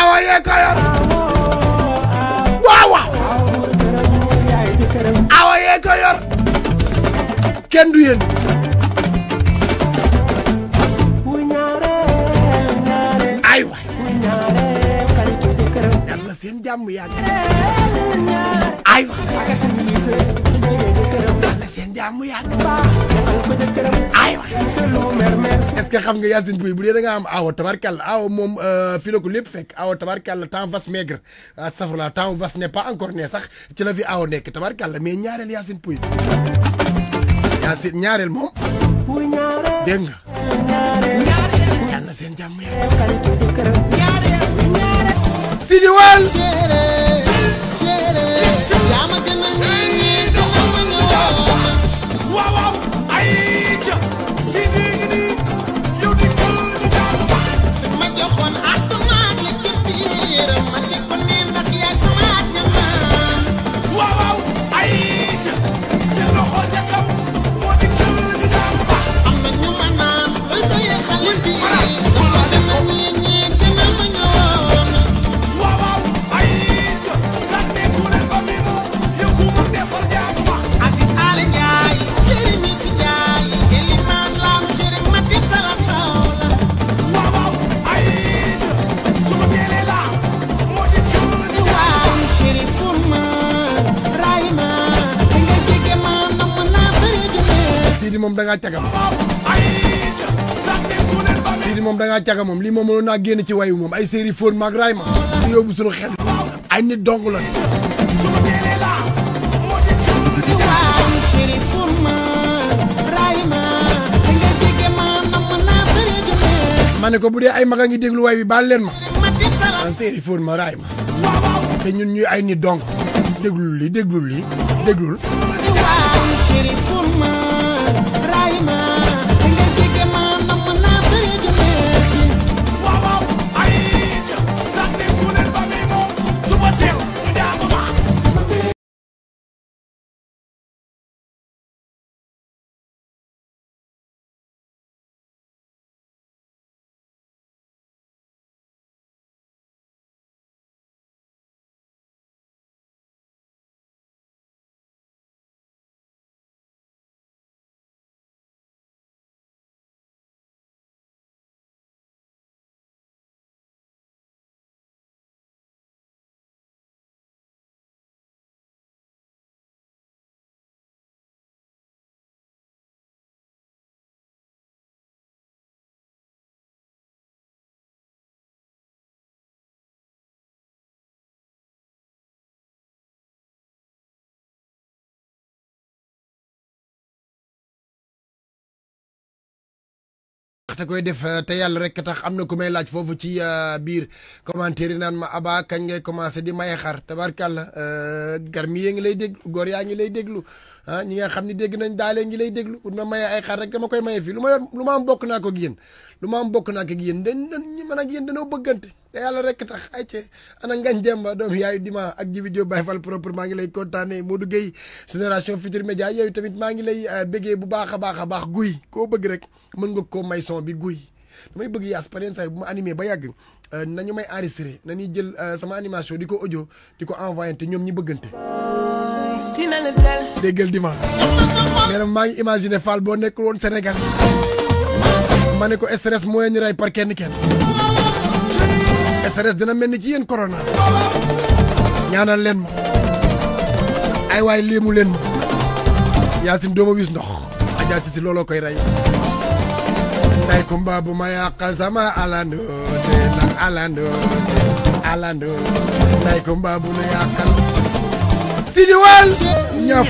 awa yee ko yor waaw waaw awa yee ko yor kenn du yéen ay waay yàlla seen jàmm yàgg ay waay yàlla seen ay waay es ce que xam nga Yacine Pouye bu dee da nga am awo tabarkàlla moom euh, fi la ko lépp fekk awo tabarkàlla temps vache maigre astafurlah temps vache pas encore né sax ci la fi awo nekk tabarkàlla mais ñaareel Yacine Pouye Yacine ñaareel moom dégg nga yàlla na seen Sidi moom da ngaa caga moom Sidi moom da ngaa caga moom lii moom mënoon naa génn ci wayu moom ay série fóon maag raay ma su yóbbu suñu xel ay nit dong la ma ne ko bu dee ay maga a ngi déglu way bi baal leen ma man séeri fóon ma raay ma te ñun ay nit dong déglul li déglul li déglul séeri fóon ma te koy def eh, te yàlla rek tax am na ku may laaj foofu ci eh, biir commentaire yi naan ma Aba kañ ngay commencé di maye xar tabarkàlla eh, garmi yee ngi lay déglu góor yaa ngi lay déglu ah ñi nga xam ni dégg nañ daalee ngi ley déglu ut ma may ay xar rek ma koy maye fii lu ma lu ma am bokk naa ko ak yéen lu ma am bokk naa ko ak yéen dañ man ak yéen danoo bëggante te yàlla rek tax ay ci ana ngañ demba doom yaayu dima ak jibi Diop Baye Fall propre maa ngi lay kontaane Modou Gueye génération future média yooyu tamit maa ngi lay euh, béggee bu baax a baax a baax guy koo bëgg rek mën nga koo may son bi guy damay bëgg yaas par exemple bu ma animé ba yàgg euh, nañu may enregistré nañuy jël euh, sama animation di ko audio di ko envoyé te ñoom ñi bëggante déggal dima na maa ngi imaginer Fall boo nekk woon Sénégal ma ne ko stress mooy ñu rey par kenn kenn stress dina mel ni ci yéen corona ñaanal leen ma ay waay léemu leen ma yaasin dooma wis ndox ajaa si looloo koy rey nday kumba bu ma yàqal sama alando te nag alando bu nu yàqal si di wal ñaf